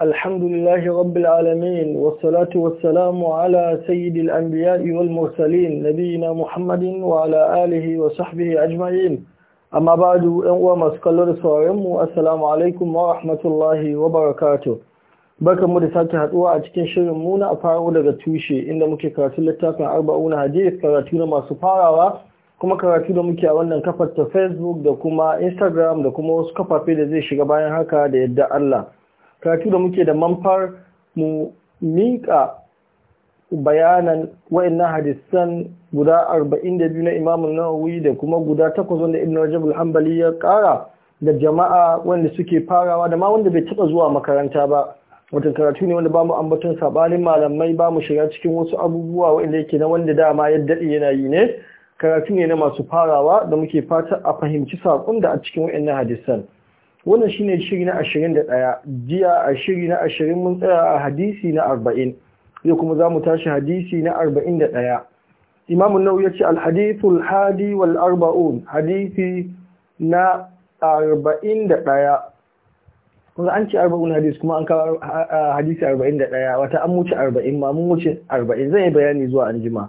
الحمد لله رب العالمين والصلاة والسلام على سيد الأنبياء والمرسلين نبينا محمد وعلى آله وصحبه أجمعين أما بعد أنواع مسكالور سوارمو السلام عليكم ورحمة الله وبركاته barkan mu da sake haduwa a cikin shirin mu a faro daga tushe inda muke karatu littafin arba'una hadith karatu na masu farawa kuma karatu da muke a wannan kafar facebook da kuma instagram da kuma wasu kafafe da zai shiga bayan haka da yadda Allah karatu da muke da manfar mu miƙa bayanan wa'annan hadisan guda 42 na Imam Nawawi da kuma guda 8 wanda Ibn Rajab al ya kara da jama'a wanda suke farawa da ma wanda bai taba zuwa makaranta ba wata karatu ne wanda ba mu ambaton sabanin malamai ba mu shiga cikin wasu abubuwa wanda yake na wanda dama ya daɗe yana yi ne karatu ne na masu farawa da muke fata a fahimci saƙon da a cikin wa'annan hadisan wannan shi ne shiri na 21 jiya a shiri na 20 mun tsaya a hadisi na 40 yau kuma za mu tashi hadisi na 41 Imam an-Nawawi yace al-hadithul hadi wal arba'un hadisi na 41 kuma an ce arba'un hadis kuma an kawo hadisi 41 wata an muce 40 ma mun muce 40 zai bayani zuwa anjima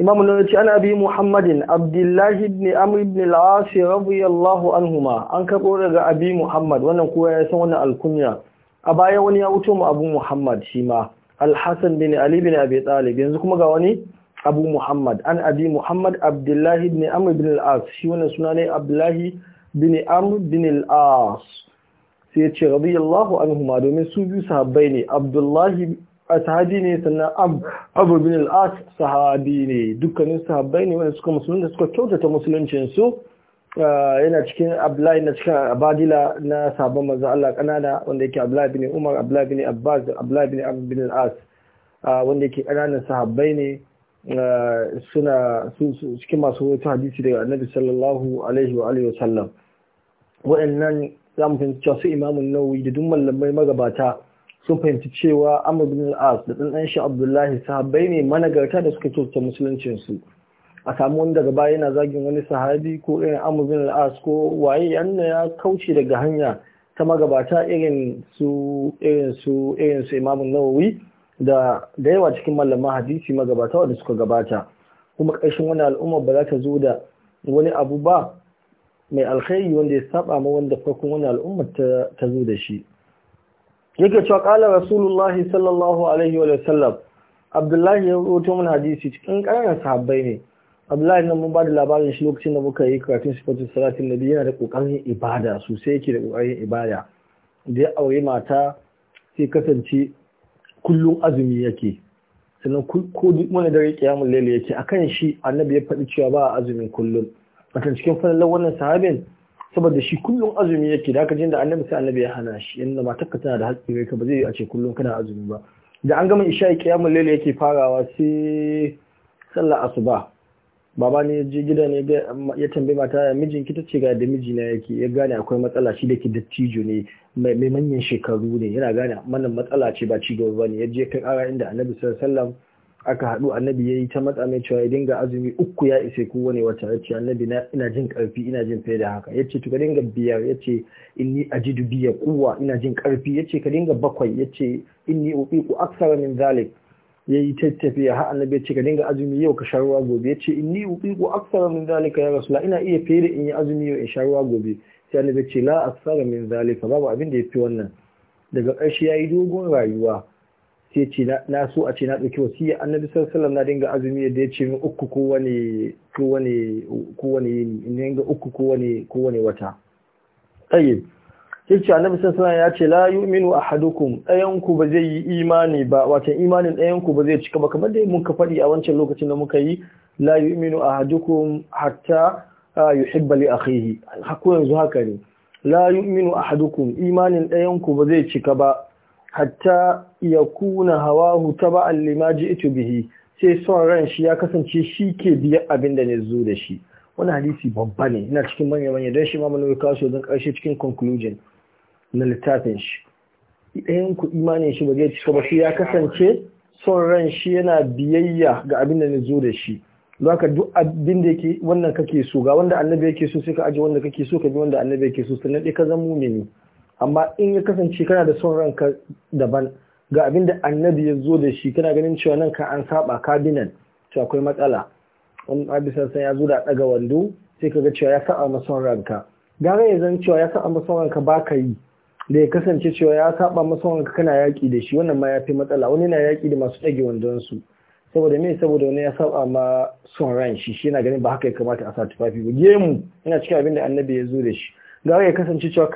imam nawawi ana bi muhammadin abdullahi ibn amr ibn al-as radiyallahu anhuma an karbo daga abi muhammad wannan kowa ya san wannan alkunya a baya wani ya wuce mu abu muhammad shi ma al-hasan bin ali bin abi talib yanzu kuma ga wani abu muhammad an abi muhammad abdullahi ibn amr ibn al-as shi wannan suna ne abdullahi bin amr bin al-as sai ya ce radiyallahu anhuma domin su biyu sahabbai ne abdullahi sahabi ne sannan abu bin al'as sahabi ne dukkanin sahabbai ne wanda suka musulunta suka kyautata musuluncinsu ah, yana cikin abdullahi na cikin abadila na sabon maza Allah kanana wanda yake abdullahi bin umar abdullahi bin abbas abdullahi bin abu bin al'as ah, wanda yake kananan sahabbai ne ah, suna cikin masu wata hadisi daga annabi sallallahu alaihi wa alihi wa sallam waɗannan za mu fahimci cewa su imamun nawawi da duk mallamai magabata sun fahimci cewa amur bin al da ɗanɗan shi Abdullahi sahabbai ne managarta da suka kyauta musuluncin su a samu wani daga baya yana zagin wani sahabi ko irin amur bin al ko waye yana ya kauce daga hanya ta magabata irin su irin su Nawawi da da yawa cikin malaman hadisi magabata wanda suka gabata kuma ƙarshen wani al'umma ba za ta zo da wani abu ba mai alkhairi wanda ya saba ma wanda farkon wani al'umma ta zo da shi yake cewa kala rasulullahi sallallahu alaihi wa sallam abdullahi ya roto mun hadisi cikin ƙananan sahabbai ne abdullahi nan mun ba da labarin shi lokacin da muka yi karatun sifatun salatin nabi yana da kokarin ibada sosai yake da kokarin ibada da ya aure mata sai kasance kullum azumi yake sannan ko duk wani dare kiyamun lele yake akan shi annabi ya faɗi cewa ba a azumin kullum a cikin falalar wannan sahabin saboda shi kullum azumi yake da aka jinda da annabi sai annabi ya hana shi yanda takka tana da haƙƙi ka ba zai a ce kullum kana azumi ba da an gama isha'i kiyamul lele yake farawa sai sallar asuba baba ne ya je gida ne ya tambaye mata ya mijin ki tace ga da mijina yake ya gane akwai matsala shi da ke dattijo ne mai manyan shekaru ne yana gane mana matsala ce ba cigaba gaba ne ya je kai ara inda annabi sallallahu alaihi aka haɗu annabi ya yi ta matsa mai cewa ya dinga azumi uku ya isa kowa ne wata ya ce annabi ina jin ƙarfi ina jin fiye da haka ya ce ka dinga biyar ya ce inni ajidu ya kuwa ina jin ƙarfi ya ce ka dinga bakwai ya ce inni ku aksara min zalik ya yi tattafiya ha annabi ya ce ka dinga azumi yau ka sharuwa gobe ya ce inni ku aksara min zalika ya rasulullah ina iya fiye da in yi azumi yau in sharuwa gobe sai annabi ya ce la aksara min zalika babu abin da ya fi wannan daga ƙarshe ya yi dogon rayuwa sai ce na so a ce na ɗauki wasiya annabi sallallahu na dinga azumi yadda ya ce min uku ko wani ko wani ko wani in dinga uku ko wani ko wani wata tayyib sai ce annabi sallallahu ya ce la yu'minu ahadukum ɗayan ku ba zai yi imani ba wato imanin ɗayan ku ba zai cika ba kamar dai mun ka faɗi a wancan lokacin da muka yi la yu'minu ahadukum hatta yuhibba li akhihi hakko yanzu haka ne la yu'minu ahadukum imanin ɗayan ku ba zai cika ba hatta ya kuna hawahu taba'an lima ji'tu bihi sai son ran shi ya kasance shi ke biya abin da ne zo da shi wani hadisi babba ne ina cikin manya manya don shi ma mun kawo shi don karshe cikin conclusion na littafin shi ɗayan ku imanin shi ba zai ci ba shi ya kasance son ran shi yana biyayya ga abin da ne zo da shi za duk abin da yake wannan kake so ga wanda annabi yake so sai ka aje wanda kake so ka bi wanda annabi yake so sannan dai ka zama mumini amma in ya kasance kana da son ranka daban ga abin da annabi ya zo da shi kana ganin cewa nan ka an saba kabinan to akwai matsala wani abisan san ya zo da daga wando sai ka ga cewa ya saba ma son ranka gara ya zan cewa ya saba ma son ranka ba ka yi da ya kasance cewa ya saba ma son ranka kana yaƙi da shi wannan ma ya fi matsala wani na yaƙi da masu ɗage wandon su saboda me saboda wani ya saba ma son ran shi shi yana ganin ba haka ya kamata a sa tufafi ba gemu yana cikin abin da annabi ya zo da shi gara ya kasance cewa